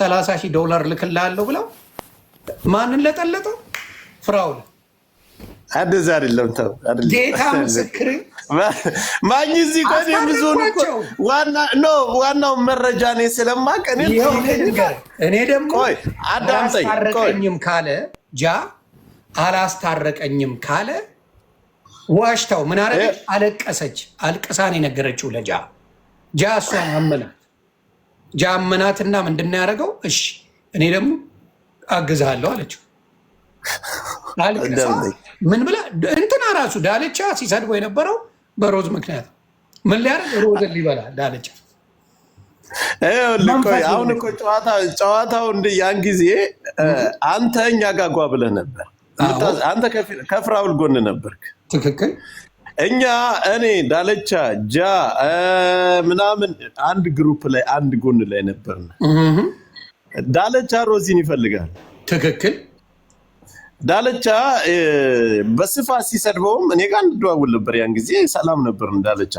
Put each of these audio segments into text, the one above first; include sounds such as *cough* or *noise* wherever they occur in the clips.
ሰላሳ ሺህ ዶላር ልክላለሁ ብለው ማንን ለጠለጠው? ፍራውል አደዛ አይደለም ተው፣ ጌታ ምስክር ማኝ እዚህ ጋር የምዞን ዋናው መረጃ ነው ስለማውቅ እኔ ደግሞ አላስታረቀኝም ካለ ጃ አላስታረቀኝም ካለ ዋሽታው ምን አረገች? አለቀሰች። አልቅሳን የነገረችው ለጃ ጃ እሷን አመናት። ጃመናትና ምንድን ነው ያደረገው? እሺ እኔ ደግሞ አግዝሃለሁ አለችው። ምን ብላ እንትና ራሱ ዳለቻ ሲሰድቦ የነበረው በሮዝ ምክንያት ምን ሊያደርግ ሮዝን ሊበላ ዳለቻ አሁን እኮ ጨዋታው ያን ጊዜ አንተ እኛ ጋጓ ብለህ ነበር። አንተ ከፍራውል ጎን ነበርክ። ትክክል እኛ እኔ ዳለቻ ጃ ምናምን አንድ ግሩፕ ላይ አንድ ጎን ላይ ነበርና ዳለቻ ሮዚን ይፈልጋል። ትክክል። ዳለቻ በስፋት ሲሰድበውም እኔ ጋር እንደዋውል ነበር። ያን ጊዜ ሰላም ነበር። ዳለቻ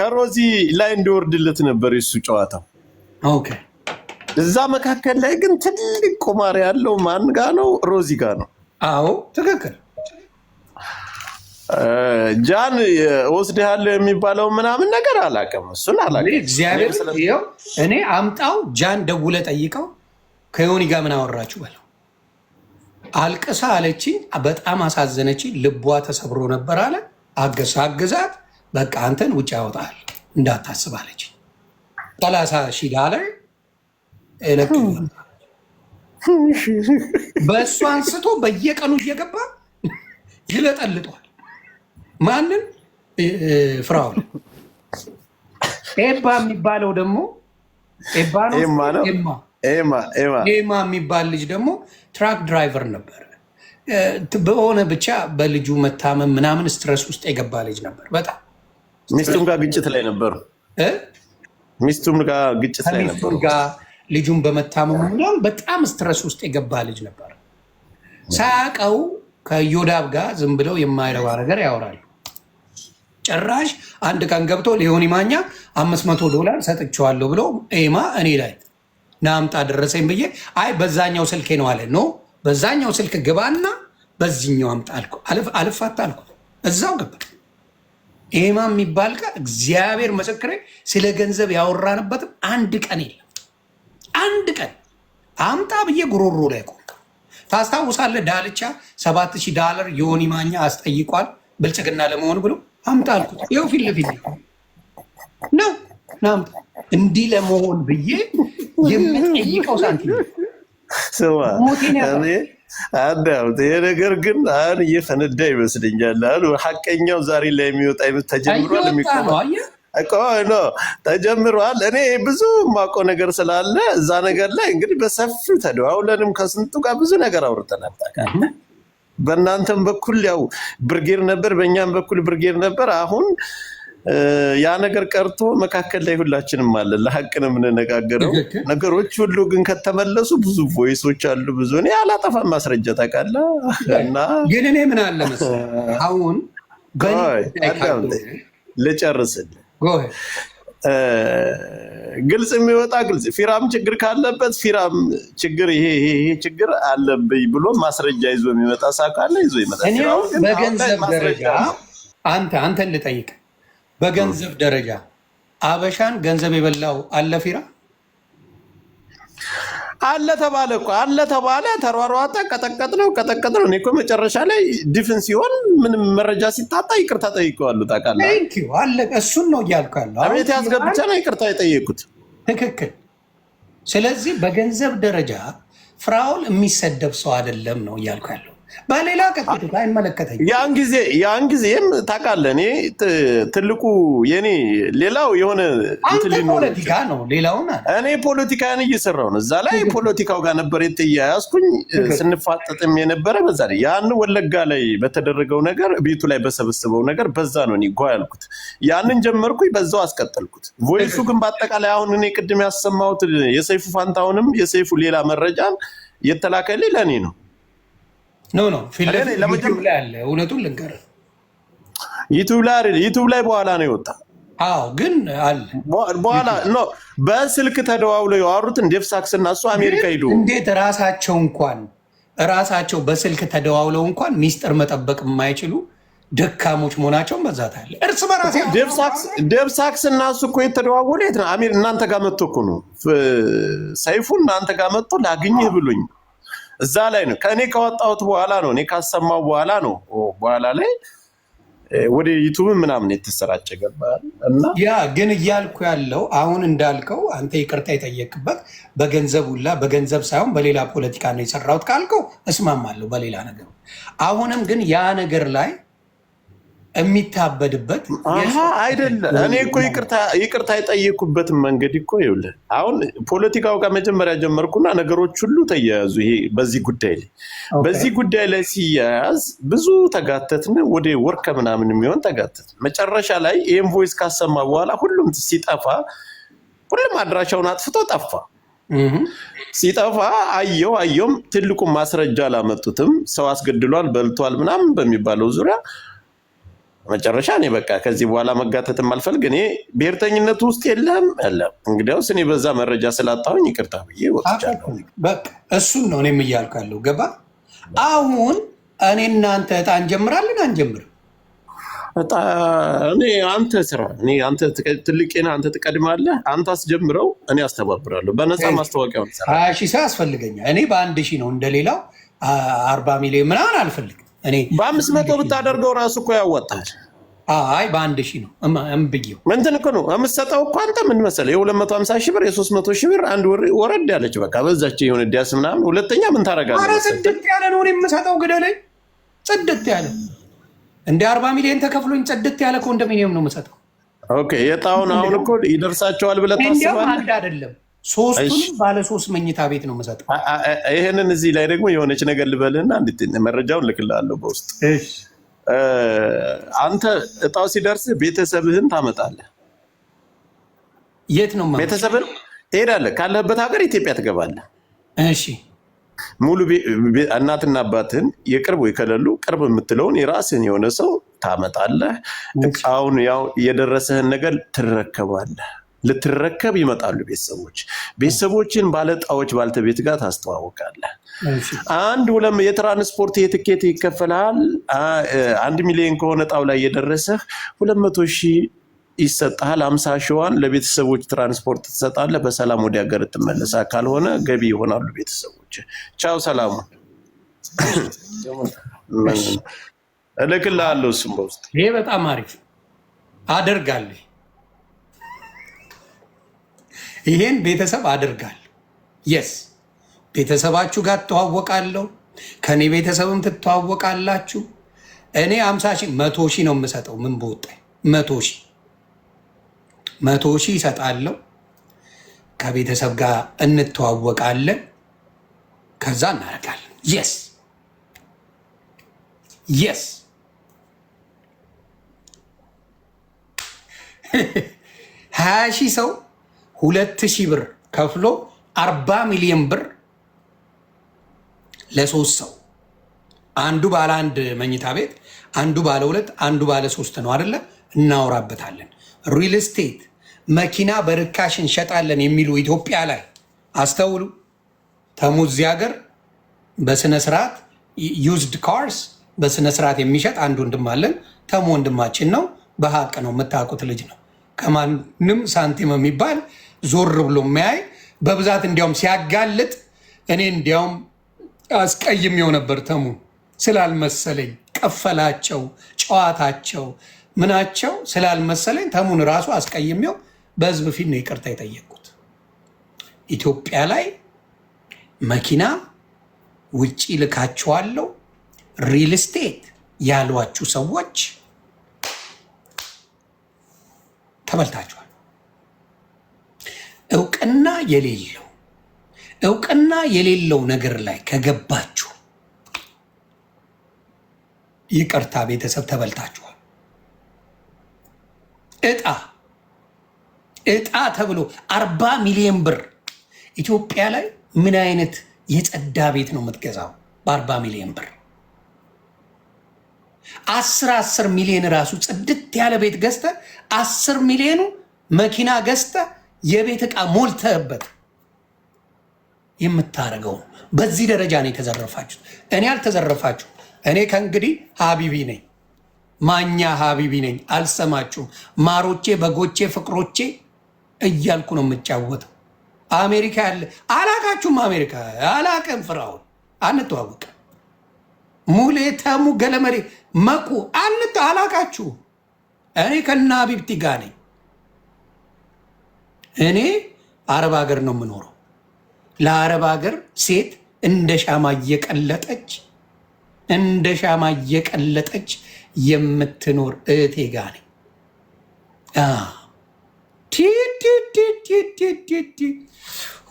ከሮዚ ላይ እንዲወርድለት ነበር የሱ ጨዋታ። እዛ መካከል ላይ ግን ትልቅ ቁማር ያለው ማን ጋ ነው? ሮዚ ጋ ነው። አዎ ትክክል ጃን ወስድሃለሁ የሚባለው ምናምን ነገር አላውቅም፣ እሱን አላውቅም። እግዚአብሔር እኔ አምጣው ጃን ደውለ ጠይቀው ከዮኒ ጋር ምን አወራችሁ በለው። አልቅሳ አለች፣ በጣም አሳዘነች፣ ልቧ ተሰብሮ ነበር አለ። አገሳ አገዛት፣ በቃ አንተን ውጭ ያወጣል እንዳታስብ አለች። ሰላሳ ሺህ ዳለር በእሱ አንስቶ በየቀኑ እየገባ ይለጠልጧል። ማንን? ፍራውን ኤባ የሚባለው ደግሞ ኤማ የሚባል ልጅ ደግሞ ትራክ ድራይቨር ነበር። በሆነ ብቻ በልጁ መታመም ምናምን ስትረስ ውስጥ የገባ ልጅ ነበር። በጣም ሚስቱም ጋር ግጭት ላይ ነበሩ። ሚስቱም ጋር ግጭት ላይ ነበሩ። ልጁን በመታመሙ ምናምን በጣም ስትረስ ውስጥ የገባ ልጅ ነበር። ሳያውቀው ከዮዳብ ጋር ዝም ብለው የማይረባ ነገር ያወራሉ። ጭራሽ አንድ ቀን ገብቶ ሊሆን ማኛ አምስት መቶ ዶላር ሰጥቼዋለሁ ብሎ ኤማ እኔ ላይ ናምጣ ደረሰኝ ብዬ አይ በዛኛው ስልኬ ነው አለ። ኖ በዛኛው ስልክ ግባና በዚኛው አምጣ አልኩ። አልፋታ አልኩ። እዛው ገባ። ኤማ የሚባል ቀን እግዚአብሔር ምስክሬ፣ ስለ ገንዘብ ያወራንበትም አንድ ቀን የለም። አንድ ቀን አምጣ ብዬ ጉሮሮ ላይ ቆ ታስታውሳለህ? ዳልቻ ሰባት ሺህ ዳላር ዮኒ ማኛ አስጠይቋል ብልጽግና ለመሆን ብሎ አምጣ አልኩት። ይኸው ፊት ለፊት ነው ናምጣ እንዲህ ለመሆን ብዬ የምጠይቀው ሳንቲም ስማ አዳምጥ። ይሄ ነገር ግን አሁን እየፈነዳ ይመስልኛል። አሁን ሀቀኛው ዛሬ ላይ የሚወጣ ተጀምሯል ነው ተጀምሯል። እኔ ብዙ የማውቀው ነገር ስላለ እዛ ነገር ላይ እንግዲህ በሰፊው ተደዋውለንም ከስንቱ ጋር ብዙ ነገር አውርተናል። በእናንተም በኩል ያው ብርጌር ነበር፣ በእኛም በኩል ብርጌር ነበር። አሁን ያ ነገር ቀርቶ መካከል ላይ ሁላችንም አለን። ለሀቅ ነው የምንነጋገረው። ነገሮች ሁሉ ግን ከተመለሱ ብዙ ቮይሶች አሉ። ብዙ እኔ አላጠፋም ማስረጃ ታውቃለህ። እና ግን እኔ ምን አለ መሰለህ አሁን ልጨርስልህ ግልጽ የሚወጣ ግልጽ ፊራም ችግር ካለበት ፊራም ችግር ይሄ ይሄ ችግር አለብኝ ብሎ ማስረጃ ይዞ የሚመጣ ሳ ካለ ይዞ ይመጣል። በገንዘብ ደረጃ አንተ አንተን ልጠይቅ፣ በገንዘብ ደረጃ አበሻን ገንዘብ የበላው አለ ፊራ አለ ተባለ እኮ አለ ተባለ፣ ተሯሯጠ፣ ቀጠቀጥ ነው ቀጠቀጥ ነው። እኔ እኮ መጨረሻ ላይ ድፍን ሲሆን ምንም መረጃ ሲታጣ ይቅርታ ጠይቀዋሉ። ታውቃለህ፣ እሱን ነው እያልኩ ያለው። አቤት ያስገብቻ ነው ይቅርታ የጠየቁት ትክክል። ስለዚህ በገንዘብ ደረጃ ፍራኦል የሚሰደብ ሰው አይደለም ነው እያልኩ ያለው። በሌላ ቀጥታ አይመለከተኝ። ያን ጊዜ ያን ጊዜም ታውቃለህ፣ እኔ ትልቁ የኔ ሌላው የሆነ ፖለቲካ ነው። ሌላውን እኔ ፖለቲካን እየሰራው ነው። እዛ ላይ ፖለቲካው ጋር ነበር የተያያዝኩኝ። ስንፋጠጥም የነበረ በዛ ላይ ያን ወለጋ ላይ በተደረገው ነገር ቤቱ ላይ በሰበሰበው ነገር በዛ ነው እኔ ጓ ያልኩት። ያንን ጀመርኩኝ፣ በዛው አስቀጠልኩት። ቮይሱ ግን በአጠቃላይ አሁን እኔ ቅድም ያሰማሁት የሰይፉ ፋንታውንም የሰይፉ ሌላ መረጃን የተላከልኝ ለእኔ ነው። ኖ ኖ ፊልም ላይ አለ። እውነቱን ልንገርህ ዩቱብ ላይ አይደል? ዩቱብ ላይ በኋላ ነው የወጣ። አዎ ግን አለ በኋላ ኖ በስልክ ተደዋውለው ያወሩት ዴቭ ሳክስ እና እሱ አሜሪካ ሂዱ። እንዴት ራሳቸው እንኳን ራሳቸው በስልክ ተደዋውለው እንኳን ሚስጥር መጠበቅ የማይችሉ ደካሞች መሆናቸውን በዛት አለ። እርስ በራሴ ዴቭ ሳክስ እና እሱ እኮ የተደዋወለ የት ነው? እናንተ ጋር መጥቶ እኮ ነው ሰይፉ እናንተ ጋር መጥቶ ላግኝህ ብሎኝ እዛ ላይ ነው ከእኔ ከወጣሁት በኋላ ነው እኔ ካሰማው በኋላ ነው በኋላ ላይ ወደ ዩቱብ ምናምን የተሰራጨ ገባል። እና ያ ግን እያልኩ ያለው አሁን እንዳልከው አንተ ይቅርታ የጠየቅበት በገንዘብ ሁላ በገንዘብ ሳይሆን በሌላ ፖለቲካ ነው የሰራሁት ካልከው እስማማለሁ፣ በሌላ ነገር አሁንም ግን ያ ነገር ላይ የሚታበድበት አይደለም። እኔ እኮ ይቅርታ የጠየኩበትን መንገድ እኮ ይኸውልህ፣ አሁን ፖለቲካው ጋር መጀመሪያ ጀመርኩና ነገሮች ሁሉ ተያያዙ። ይሄ በዚህ ጉዳይ ላይ በዚህ ጉዳይ ላይ ሲያያዝ ብዙ ተጋተትን፣ ወደ ወርከ ምናምን የሚሆን ተጋተት። መጨረሻ ላይ ይህን ቮይስ ካሰማ በኋላ ሁሉም ሲጠፋ፣ ሁሉም አድራሻውን አጥፍቶ ጠፋ። ሲጠፋ አየው አየውም፣ ትልቁን ማስረጃ አላመጡትም። ሰው አስገድሏል፣ በልቷል ምናምን በሚባለው ዙሪያ መጨረሻ እኔ በቃ ከዚህ በኋላ መጋተት የማልፈልግ እኔ ብሔርተኝነቱ ውስጥ የለም ያለም እንግዲያውስ እኔ በዛ መረጃ ስላጣሁኝ ይቅርታ ብዬ ወጥቻለሁ። እሱን ነው እኔም እያልካለሁ። ገባ። አሁን እኔ እናንተ እጣ እንጀምራለን አንጀምርም? እኔ አንተ ስራ እኔ አንተ ትልቅ አንተ ትቀድማለህ፣ አንተ አስጀምረው፣ እኔ አስተባብራለሁ። በነፃ ማስታወቂያ ሀያ ሺህ ሰው ያስፈልገኛል። እኔ በአንድ ሺህ ነው እንደሌላው አርባ ሚሊዮን ምናምን አልፈልግም። እኔ በአምስት መቶ ብታደርገው ራሱ እኮ ያወጣል። አይ በአንድ ሺህ ነው እምብዬው እንትን እኮ ነው የምትሰጠው እኮ አንተ ምን መሰለህ፣ የ250 ሺህ ብር የ300 ሺህ ብር አንድ ወረድ ያለች በቃ በዛች የሆነ ዲያስ ምናምን። ሁለተኛ ምን ታደርጋለህ? ኧረ ጽድት ያለ ነው የምሰጠው፣ ግደለኝ። ጽድት ያለ እንደ አርባ ሚሊዮን ተከፍሎኝ ጽድት ያለ ኮንዶሚኒየም ነው የምሰጠው። ኦኬ የጣውን አሁን እኮ ይደርሳቸዋል ብለህ ታስባለህ? አይደለም ሶስቱንም ባለ ሶስት መኝታ ቤት ነው የምሰጠው። ይህንን እዚህ ላይ ደግሞ የሆነች ነገር ልበልህና መረጃውን ልክልሃለሁ በውስጥ አንተ እጣው ሲደርስ ቤተሰብህን ታመጣለህ። የት ነው ቤተሰብህን? ትሄዳለህ ካለህበት ሀገር ኢትዮጵያ ትገባለህ። እሺ ሙሉ እናትና አባትህን የቅርብ ወይ ከሌሉ ቅርብ የምትለውን የራስህን የሆነ ሰው ታመጣለህ። እቃውን ያው የደረሰህን ነገር ትረከባለህ። ልትረከብ ይመጣሉ ቤተሰቦች። ቤተሰቦችን ባለጣዎች ባልተቤት ጋር ታስተዋውቃለህ። አንድ ሁለም የትራንስፖርት የትኬት ይከፈልሃል። አንድ ሚሊዮን ከሆነ ጣውላ እየደረሰህ ሁለት መቶ ሺህ ይሰጥሃል። አምሳ ሸዋን ለቤተሰቦች ትራንስፖርት ትሰጣለህ። በሰላም ወደ ሀገር ትመለሳ። ካልሆነ ገቢ ይሆናሉ ቤተሰቦች። ቻው፣ ሰላሙ እልክልሃለሁ። እሱም በውስጥ ይሄ በጣም አሪፍ አደርጋለሁ። ይሄን ቤተሰብ አድርጋለሁ። የስ ቤተሰባችሁ ጋር ትተዋወቃለሁ። ከኔ ቤተሰብም ትተዋወቃላችሁ። እኔ አምሳ ሺህ መቶ ሺህ ነው የምሰጠው። ምን በወጣኝ መቶ ሺህ መቶ ሺህ ይሰጣለሁ። ከቤተሰብ ጋር እንተዋወቃለን። ከዛ እናደርጋለን። የስ የስ ሀያ ሺህ ሰው ሁለት ሺህ ብር ከፍሎ አርባ ሚሊዮን ብር ለሶስት ሰው አንዱ ባለ አንድ መኝታ ቤት፣ አንዱ ባለ ሁለት፣ አንዱ ባለ ሶስት ነው አደለ? እናወራበታለን። ሪል ስቴት መኪና በርካሽ እንሸጣለን የሚሉ ኢትዮጵያ ላይ አስተውሉ። ተሙዚ ሀገር በስነ ስርዓት ዩዝድ ካርስ በስነ ስርዓት የሚሸጥ አንድ ወንድም አለን። ተሙ ወንድማችን ነው፣ በሀቅ ነው፣ የምታውቁት ልጅ ነው። ከማንም ሳንቲም የሚባል ዞር ብሎ የሚያይ በብዛት እንዲያውም ሲያጋልጥ እኔ እንዲያውም አስቀይሜው ነበር ተሙ ስላልመሰለኝ ቀፈላቸው ጨዋታቸው ምናቸው ስላልመሰለኝ ተሙን ራሱ አስቀይሜው በህዝብ ፊት ነው ይቅርታ የጠየቁት። ኢትዮጵያ ላይ መኪና ውጭ ልካችኋለሁ፣ ሪል ስቴት ያሏችሁ ሰዎች ተበልታችኋል። እውቅና የሌለው እውቅና የሌለው ነገር ላይ ከገባችሁ ይቅርታ ቤተሰብ ተበልታችኋል። እጣ እጣ ተብሎ አርባ ሚሊዮን ብር ኢትዮጵያ ላይ ምን አይነት የጸዳ ቤት ነው የምትገዛው? በአርባ ሚሊዮን ብር አስር አስር ሚሊዮን ራሱ ጽድት ያለ ቤት ገዝተ አስር ሚሊዮኑ መኪና ገዝተ የቤት ዕቃ ሞልተህበት የምታደርገው በዚህ ደረጃ ነው የተዘረፋችሁት። እኔ አልተዘረፋችሁ። እኔ ከእንግዲህ ሀቢቢ ነኝ፣ ማኛ ሀቢቢ ነኝ። አልሰማችሁም? ማሮቼ፣ በጎቼ፣ ፍቅሮቼ እያልኩ ነው የምጫወተው። አሜሪካ ያለ አላቃችሁም? አሜሪካ አላቀም። ፍራውን አንተዋወቀ ሙሌ ተሙ ገለመሬ መቁ አንተ አላቃችሁ። እኔ ከነ ሀቢብቲ ጋር ነኝ። እኔ አረብ ሀገር ነው የምኖረው። ለአረብ ሀገር ሴት እንደ ሻማ እየቀለጠች እንደ ሻማ እየቀለጠች የምትኖር እህቴ ጋ ነኝ።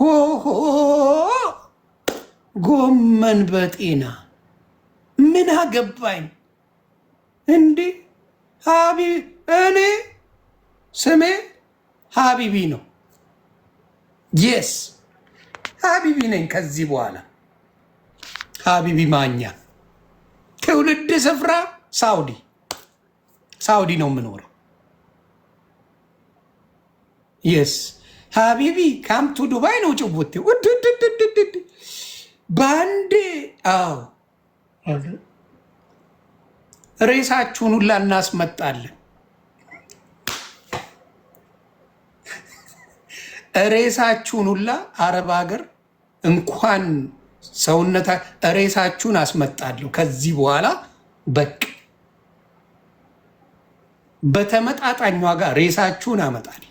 ሆሆ ጎመን በጤና ምን አገባኝ እንዲህ ሀቢ እኔ ስሜ ሀቢቢ ነው። የስ ሀቢቢ ነኝ። ከዚህ በኋላ ሀቢቢ ማኛ ትውልድ ስፍራ ሳውዲ ሳውዲ ነው የምኖረው። የስ ሀቢቢ ካምቱ ዱባይ ነው ጭቡቴ ውድድድድድድ በአንዴ አዎ ሬሳችሁን ሁላ እናስመጣለን። ሬሳችሁን ሁላ አረብ ሀገር እንኳን ሰውነት ሬሳችሁን አስመጣለሁ ከዚህ በኋላ በቅ በተመጣጣኝ ዋጋ ሬሳችሁን አመጣል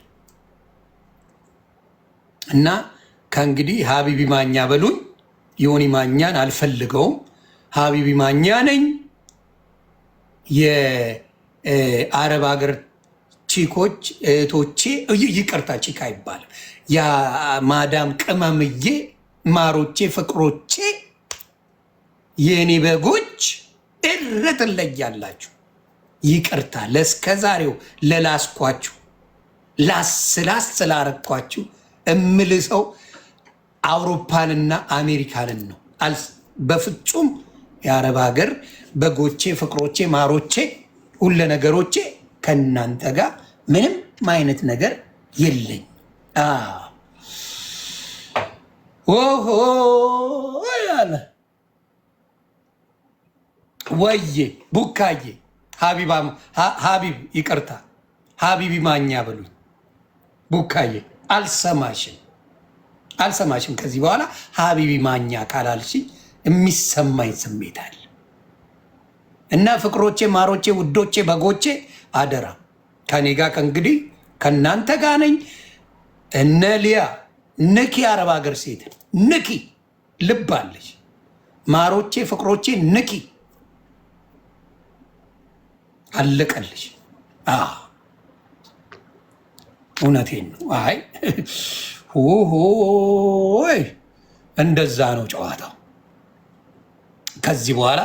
እና ከእንግዲህ ሀቢቢ ማኛ በሉኝ። ዮኒ ማኛን አልፈልገውም። ሀቢቢ ማኛ ነኝ። የአረብ ሀገር ቺኮች እህቶቼ፣ ይቅርታ ቺካ ይባላል። የማዳም ቅመምዬ ማሮቼ ፍቅሮቼ የእኔ በጎች እር ትለያላችሁ። ይቅርታ ለእስከ ዛሬው ለላስኳችሁ ላስላስ እምል ሰው አውሮፓንና አሜሪካንን ነው። በፍጹም የአረብ ሀገር በጎቼ ፍቅሮቼ ማሮቼ ሁለ ነገሮቼ ከእናንተ ጋር ምንም አይነት ነገር የለኝ። ኦሆ ያለ ወዬ ቡካዬ ሀቢብ ይቅርታ፣ ሀቢቢ ማኛ በሉኝ። ቡካዬ አልሰማሽም፣ አልሰማሽም። ከዚህ በኋላ ሀቢቢ ማኛ ካላልሽኝ የሚሰማኝ ስሜት አለ እና ፍቅሮቼ፣ ማሮቼ፣ ውዶቼ፣ በጎቼ አደራ ከኔ ጋር ከእንግዲህ ከእናንተ ጋር ነኝ። እነ ሊያ ንኪ፣ አረብ ሀገር ሴት ንኪ፣ ልብ አለች። ማሮቼ ፍቅሮቼ ንኪ፣ አለቀለች። እውነቴን ነው። አይ ሆይ እንደዛ ነው ጨዋታው። ከዚህ በኋላ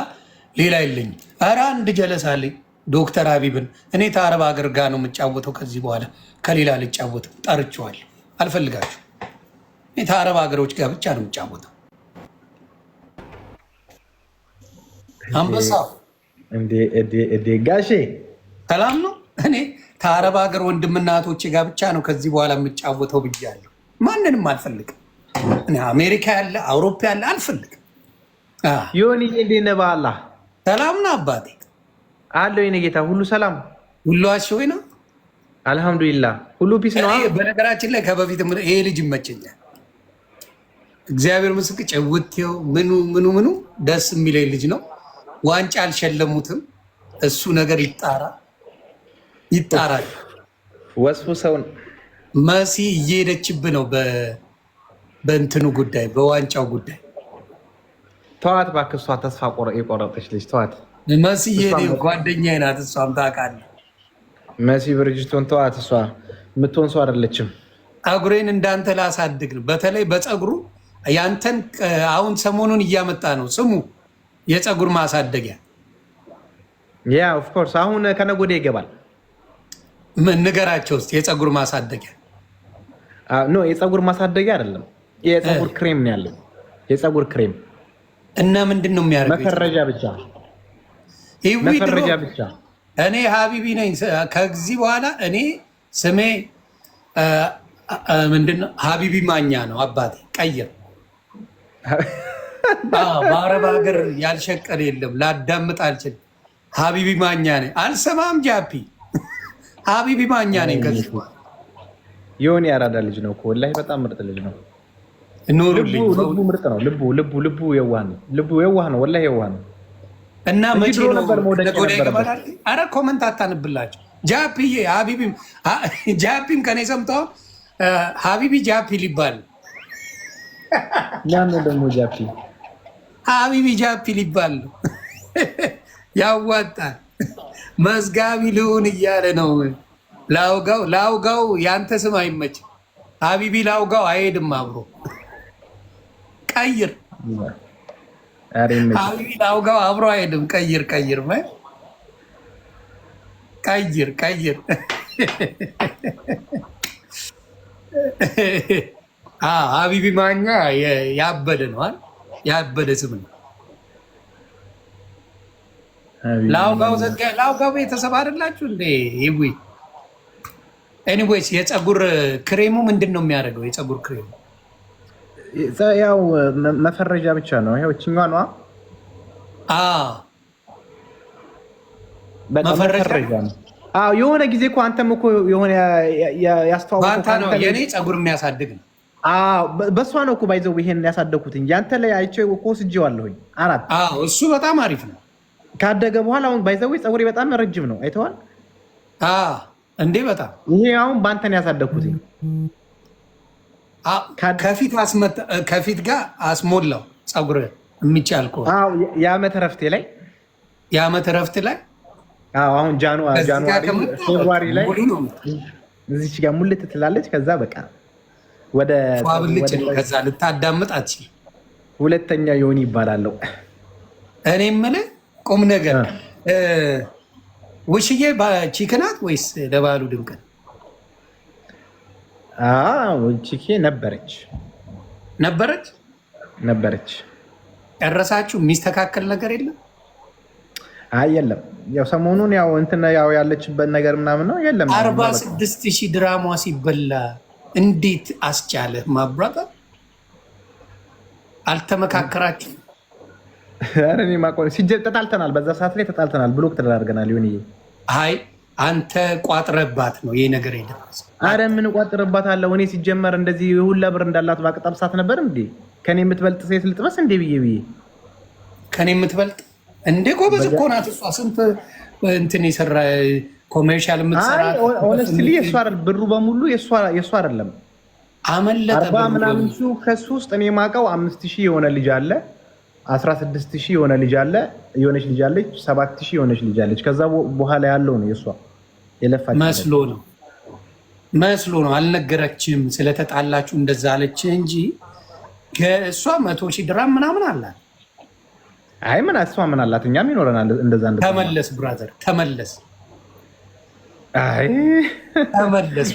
ሌላ የለኝ ኧረ አንድ ጀለስ አለኝ ዶክተር አቢብን እኔ ተአረብ ሀገር ጋር ነው የምጫወተው። ከዚህ በኋላ ከሌላ ልጫወተው ጠርቼዋለሁ። አልፈልጋችሁ። እኔ ከአረብ ሀገሮች ጋር ብቻ ነው የምጫወተው። አንበሳ ጋሼ ሰላም ነው። እኔ ከአረብ ሀገር ወንድምና እህቶቼ ጋር ብቻ ነው ከዚህ በኋላ የምጫወተው ብያለሁ። ማንንም አልፈልግም። አሜሪካ ያለ አውሮፓ ያለ አልፈልግም። ዮኒ እንዴት ነህ? ሰላም ነው አባቴ አለው። የእኔ ጌታ ሁሉ ሰላም ሁሉ አሽ ወይ ነው አልሐምዱሊላ ሁሉ ፒስ ነው። በነገራችን ላይ ከበፊት ይሄ ልጅ ይመቸኛል። እግዚአብሔር ምስክር ጨውቴው ምኑ ምኑ ምኑ ደስ የሚለኝ ልጅ ነው። ዋንጫ አልሸለሙትም። እሱ ነገር ይጣራ ይጣራል። ወስፉ ሰውን መሲ እየሄደችብህ ነው። በእንትኑ ጉዳይ በዋንጫው ጉዳይ ተዋት እባክህ። እሷ ተስፋ የቆረጠች ልጅ ተዋት። መሲ ጓደኛዬ ናት፣ እሷም ታውቃለህ መሲ ብርጅቶን ተዋት። እሷ የምትሆን ሰው አይደለችም። ፀጉሬን እንዳንተ ላሳድግ ነው። በተለይ በፀጉሩ ያንተን አሁን ሰሞኑን እያመጣ ነው። ስሙ የፀጉር ማሳደጊያ ያ ኦፍኮርስ አሁን ከነጎዴ ይገባል። ንገራቸው ውስጥ የፀጉር ማሳደጊያ ኖ የፀጉር ማሳደጊያ አይደለም፣ የፀጉር ክሬም ያለ ያለው። የፀጉር ክሬም እና ምንድን ነው የሚያደርገው? መፈረጃ ብቻ መፈረጃ ብቻ እኔ ሀቢቢ ነኝ። ከዚህ በኋላ እኔ ስሜ ምንድነው? ሀቢቢ ማኛ ነው። አባቴ ቀይር። በአረብ ሀገር ያልሸቀል የለም። ላዳምጥ አልችልም። ሀቢቢ ማኛ ነኝ። አልሰማም። ጃፒ ሀቢቢ ማኛ ነኝ። ከዚህ በኋላ የሆነ ያራዳ ልጅ ነው። ወላሂ በጣም ምርጥ ልጅ ነው። ኖሩልኝ። ልቡ ምርጥ ነው። ልቡ ልቡ ልቡ የዋህ ነው። ልቡ የዋህ ነው። ወላሂ የዋህ ነው። እና መቼ ነው ለቆዳ ይገባል? አረ ኮመንት አታንብላቸው። ጃፒዬ ሀቢቢም ጃፒም ከኔ ሰምተው ሀቢቢ ጃፒ ሊባል ያን ደግሞ ጃፒ ሀቢቢ ጃፒ ሊባል ነው። ያዋጣል። መዝጋቢ ልሁን እያለ ነው። ላውጋው ላውጋው፣ ያንተ ስም አይመችም ሀቢቢ። ላውጋው አይሄድም አብሮ ቀይር አውጋው አብሮ አይሄድም። ቀይር ቀይር ቀይር ቀይር ሀቢቢ ማኛ ያበደ ነዋል ያበደ ስም ነው። ለአውጋው ቤተሰብ አይደላችሁ እንዴ? ኤኒዌይስ የፀጉር ክሬሙ ምንድን ነው የሚያደርገው? የፀጉር ክሬሙ ያው መፈረጃ ብቻ ነው። ያው እችኛ ነ መፈረጃ ነው። የሆነ ጊዜ እኮ አንተም እኮ የሆነ ያስተዋወቁ ነው የኔ ፀጉር የሚያሳድግ ነው። በእሷ ነው እኮ ባይዘው ይሄን ያሳደግኩት እንጂ አንተ ላይ አይቼው እኮ ስጄዋለሁኝ። አራት እሱ በጣም አሪፍ ነው። ካደገ በኋላ አሁን ባይዘው ፀጉሬ በጣም ረጅም ነው። አይተዋል እንዴ? በጣም ይሄ አሁን በአንተን ያሳደግኩት ከፊት ጋር አስሞላው ፀጉር የሚቻል ከሆነ የአመት እረፍቴ ላይ የአመት ረፍት ላይ አሁን ጃንዋሪ ላይ እዚች ጋር ሙልት ትላለች። ከዛ በቃ ወደ ብልጭ ነው። ከዛ ልታዳምጥ አትችል። ሁለተኛ የሆን ይባላለው። እኔ የምልህ ቁም ነገር ውሽዬ ቺክናት ወይስ ለባሉ ድምቀት ቺኬ ነበረች ነበረች ነበረች። ጨረሳችሁ? የሚስተካከል ነገር የለም? አይ የለም። ያው ሰሞኑን ያው እንትን ያው ያለችበት ነገር ምናምን ነው። የለም አርባ ስድስት ሺህ ድራማ ሲበላ እንዴት አስቻለህ ማብራታ? አልተመካከራችሁ? ኧረ እኔ ማቆ ሲጀ ተጣልተናል። በዛ ሰዓት ላይ ተጣልተናል፣ ብሎክ ተደራርገናል። ይሁን አይ አንተ ቋጥረባት ነው ይሄ ነገር የደረሰ። አረ ምን ቋጥረባት አለው። እኔ ሲጀመር እንደዚህ ሁላ ብር እንዳላት ባቅጠብሳት ነበር እንዴ? ከኔ የምትበልጥ ሴት ልጥበስ እንዴ ብዬ ብዬ ከኔ የምትበልጥ እንዴ? ጎበዝ እኮ ናት እሷ። ስንት እንትን የሰራ ኮሜርሻል የምትሰራ ሆነስትሊ፣ የእሷ ብሩ በሙሉ የእሷ አይደለም። አመለጠ ምናምን ከሱ ውስጥ እኔ ማውቀው አምስት ሺህ የሆነ ልጅ አለ 16 ሺህ የሆነ ልጅ አለ የሆነች ልጅ አለች፣ 7 ሺህ የሆነች ልጅ አለች። ከዛ በኋላ ያለው ነው የእሷ የለፋች መስሎ ነው መስሎ ነው። አልነገረችም ስለተጣላችሁ እንደዛ አለች እንጂ ከእሷ መቶ ሺህ ድራም ምናምን አላት። አይ ምን እሷ ምን አላት፣ እኛም ይኖረናል። እንደዛ ተመለስ ብራዘር ተመለስ፣ አይ ተመለስ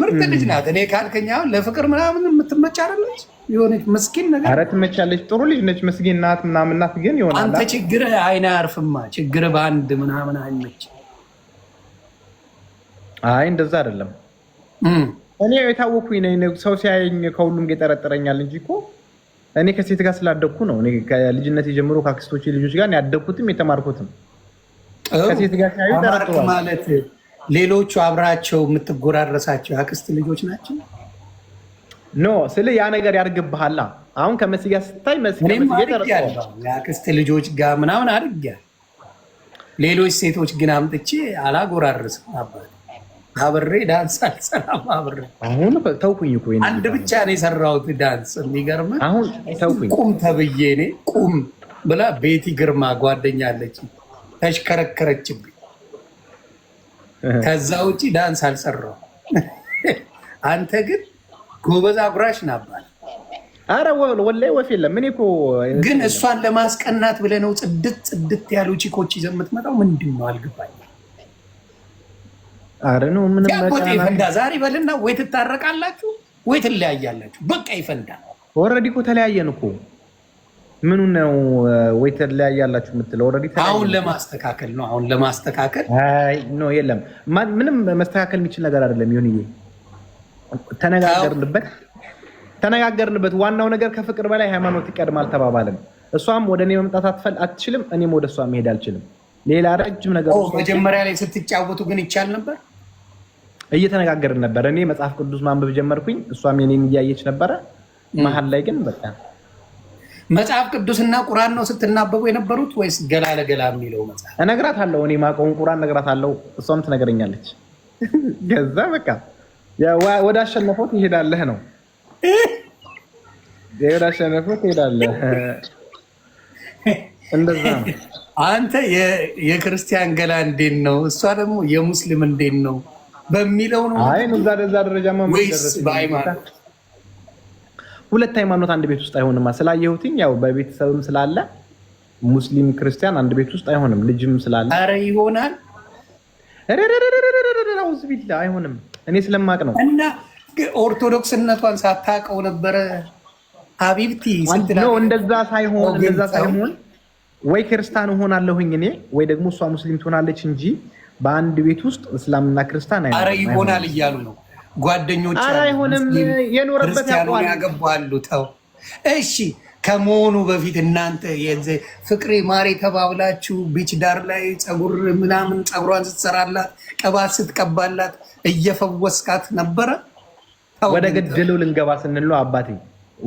ምርጥ ልጅ ናት። እኔ ካልከኝ አሁን ለፍቅር ምናምን የምትመች አይደለች፣ የሆነች ምስኪን ነገር። ኧረ ትመቻለች፣ ጥሩ ልጅ ነች፣ ምስኪን ናት ምናምን ናት። ግን ይሆናል አንተ ችግርህ አይን አያርፍማ፣ ችግርህ በአንድ ምናምን አይመች። አይ እንደዛ አይደለም። እኔ የታወኩኝ ነኝ። ሰው ሲያየኝ ከሁሉም የጠረጥረኛል እንጂ እኮ እኔ ከሴት ጋር ስላደግኩ ነው። እኔ ከልጅነት የጀምሮ ከአክስቶቼ ልጆች ጋር ያደግኩትም የተማርኩትም ከሴት ጋር ሲያዩ ጠረጥሯል ማለት ሌሎቹ አብራቸው የምትጎራረሳቸው አክስት ልጆች ናቸው። ኖ ስለ ያ ነገር ያድርግብሃላ። አሁን ከመስያ ስታይ የአክስት ልጆች ጋር ምናምን አድርጊያለሁ። ሌሎች ሴቶች ግን አምጥቼ አላጎራርስም። አባት አብሬ ዳንስ አልሰራም። አብሬ አሁን ተውኩኝ አንድ ብቻ ነው የሰራሁት ዳንስ። የሚገርምህ አሁን ተውኩኝ። ቁም ተብዬ እኔ ቁም ብላ ቤቲ ግርማ ጓደኛለች ተሽከረከረችብኝ። ከዛ ውጭ ዳንስ አልሰራው። አንተ ግን ጎበዝ አጉራሽ ናባል። አረ ወላሂ ወፍ የለም። እኔ እኮ ግን እሷን ለማስቀናት ብለህ ነው ጽድት ጽድት ያሉ ቺኮች ይዘህ የምትመጣው ምንድን ነው አልገባኝም። አረ ነው ምንም ይፈንዳ። ዛሬ በልና ወይ ትታረቃላችሁ ወይ ትለያያላችሁ። በቃ ይፈንዳ። ኦልሬዲ እኮ ተለያየን እኮ ምኑ ነው ወይተር ላይ ያላችሁ የምትለው? ኦልሬዲ አሁን ለማስተካከል ነው። አሁን ለማስተካከል ኖ የለም ምንም መስተካከል የሚችል ነገር አይደለም። ይሁን ተነጋገርንበት፣ ተነጋገርንበት። ዋናው ነገር ከፍቅር በላይ ሃይማኖት ይቀድማል ተባባልን። እሷም ወደ እኔ መምጣት አትችልም፣ እኔም ወደ እሷ መሄድ አልችልም። ሌላ ረጅም ነገር መጀመሪያ ላይ ስትጫወቱ ግን ይቻል ነበር። እየተነጋገርን ነበር። እኔ መጽሐፍ ቅዱስ ማንበብ ጀመርኩኝ፣ እሷም የኔን እያየች ነበረ። መሀል ላይ ግን በቃ መጽሐፍ ቅዱስና ቁራን ነው ስትናበቡ የነበሩት ወይስ ገላ ለገላ የሚለው መጽሐፍ? እነግራታለሁ። እኔ ማቆም ቁራን እነግራታለሁ፣ እሷም ትነግረኛለች። *laughs* ገዛ በቃ ወደ አሸነፎት ይሄዳለህ ነው፣ ወደ አሸነፎት ይሄዳለህ። እንደዛ ነው። አንተ የክርስቲያን ገላ እንዴት ነው፣ እሷ ደግሞ የሙስሊም እንዴት ነው በሚለው ነው። አይ እዛ ደረጃማ ሁለት ሃይማኖት አንድ ቤት ውስጥ አይሆንማ። ስላየሁትኝ ያው በቤተሰብም ስላለ ሙስሊም ክርስቲያን አንድ ቤት ውስጥ አይሆንም። ልጅም ስላለ ኧረ ይሆናል። አውዝ ቢላ አይሆንም። እኔ ስለማቅ ነው። እና ኦርቶዶክስነቷን ሳታውቀው ነበረ ሀቢብቲ ነው። እንደዛ ሳይሆን እንደዛ ሳይሆን ወይ ክርስቲያን እሆናለሁኝ እኔ ወይ ደግሞ እሷ ሙስሊም ትሆናለች እንጂ በአንድ ቤት ውስጥ እስላምና ክርስቲያን ኧረ ይሆናል እያሉ ነው ጓደኞች ክርስቲያኑ ያገባሉ። ተው እሺ። ከመሆኑ በፊት እናንተ ፍቅሬ ማሬ ተባብላችሁ ቢች ዳር ላይ ፀጉር ምናምን ፀጉሯን ስትሰራላት ቅባት ስትቀባላት እየፈወስካት ነበረ። ወደ ገደለው ልንገባ ስንል ነው አባቴ፣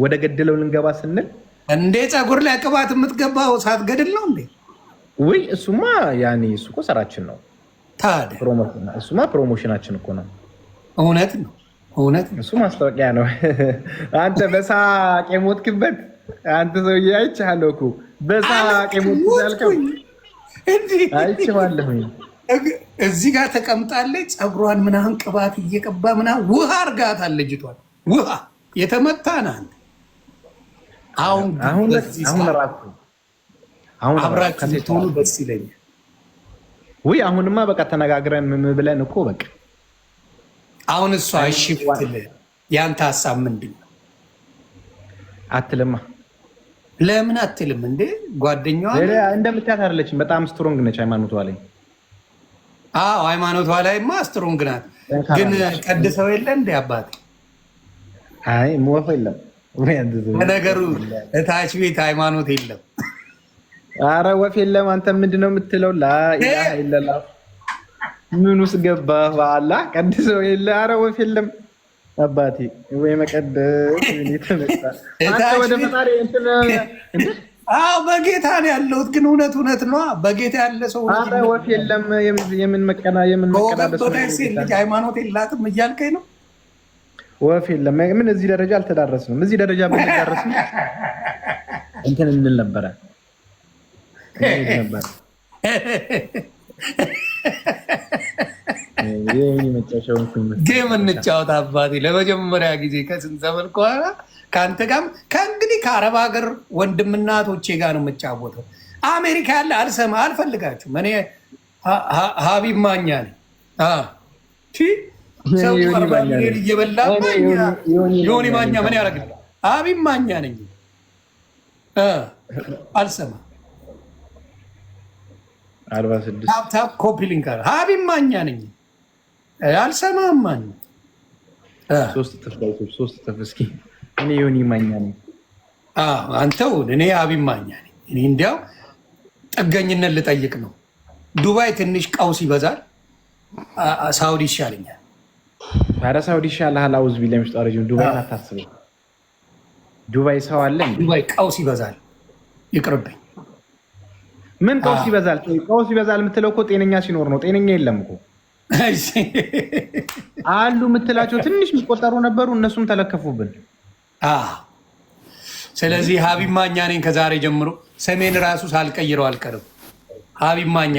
ወደ ገደለው ልንገባ ስንል እንዴ ፀጉር ላይ ቅባት የምትገባው ሳትገድል ነው እንዴ? ውይ እሱማ ያኔ እሱ እኮ ሰራችን ነው ታዲያ፣ እሱማ ፕሮሞሽናችን እኮ ነው። እውነት ነው፣ እውነት ነው። እሱ ማስታወቂያ ነው። አንተ በሳቅ የሞትክበት አንተ ሰውዬ አይቼሃለሁ እኮ በሳቅ የሞትኩት እዚህ ጋር ተቀምጣለች፣ ፀጉሯን ምናምን ቅባት እየቀባ ምናምን ውሃ አድርጋታል ልጅቷን። ውሃ የተመታ ነህ አንተ። አሁን አብራችሁ ልትሆኑ ደስ ይለኛል። ውይ አሁንማ በቃ ተነጋግረን ምን ብለን እኮ በቃ አሁን እሷ እሺ ብትል ያንተ ሀሳብ ምንድን ነው? አትልማ። ለምን አትልም እንዴ? ጓደኛዋ እንደምታያት አይደለችም። በጣም ስትሮንግ ነች ሃይማኖቷ ላይ። አዎ ሃይማኖቷ ስትሮንግ ናት። ግን ቀድሰው የለ እንዴ አባት? አይ ሞፍ የለም ነገሩ። እታች ቤት ሃይማኖት የለም። አረ ወፍ የለም። አንተ ምንድነው የምትለው? ላ ኢላሃ ኢለላህ ምን ውስጥ ገባ? በአላ ቀድሰው የለ ኧረ ወፍ የለም አባቴ ወይ መቀደስ ወደ ፈጣሪ በጌታ ነው ያለሁት። ግን እውነት እውነት ነዋ። በጌታ ያለ ሰው ወፍ የለም። የምን መቀና የምን መቀናደስ ሃይማኖት የላትም እያልከኝ ነው? ወፍ የለም። ምን እዚህ ደረጃ አልተዳረስንም። እዚህ ደረጃ ብንዳረስ እንትን እንል ነበረ ነበረ *laughs* ጌም እንጫወት አባቴ። ለመጀመሪያ ጊዜ ከስንት ዘመን ከኋላ ከአንተ ጋም ከእንግዲህ ከአረብ ሀገር ወንድምናቶቼ ጋር ነው የምጫወተው። አሜሪካ ያለ አልሰማ አልፈልጋችሁም። እኔ ሀቢብ ማኛ ነኝ። ሰው እየበላ ዮኒ ማኛ ምን ያደርግልህ? ሀቢብ ማኛ ነኝ። አልሰማ ታፕታፕ ኮፒ ሊንክ አለ። ሀቢብ ማኛ ነኝ አልሰማም። ማን ሶስት ጥፍ እስኪ እኔ ዮኒ ማኛ ነኝ። አንተው እኔ ሀቢብ ማኛ ነኝ። እኔ እንዲያው ጥገኝነት ልጠይቅ ነው። ዱባይ ትንሽ ቀውስ ይበዛል። ሳውዲ ይሻለኛል። ኧረ ሳውዲ ይሻልሃል። አውዝ ቢላ ሚሽጣረጅ ዱባይ አታስበው። ዱባይ ሰው አለ። ዱባይ ቀውስ ይበዛል። ይቅርብኝ ምን ቀውስ ይበዛል? ቀውስ ይበዛል የምትለው እኮ ጤነኛ ሲኖር ነው። ጤነኛ የለም እኮ አሉ የምትላቸው ትንሽ የሚቆጠሩ ነበሩ፣ እነሱም ተለከፉብን። ስለዚህ ሀቢብ ማኛ ነኝ ከዛሬ ጀምሮ ሰሜን ራሱ ሳልቀይረው አልቀርም። ሀቢብ ማኛ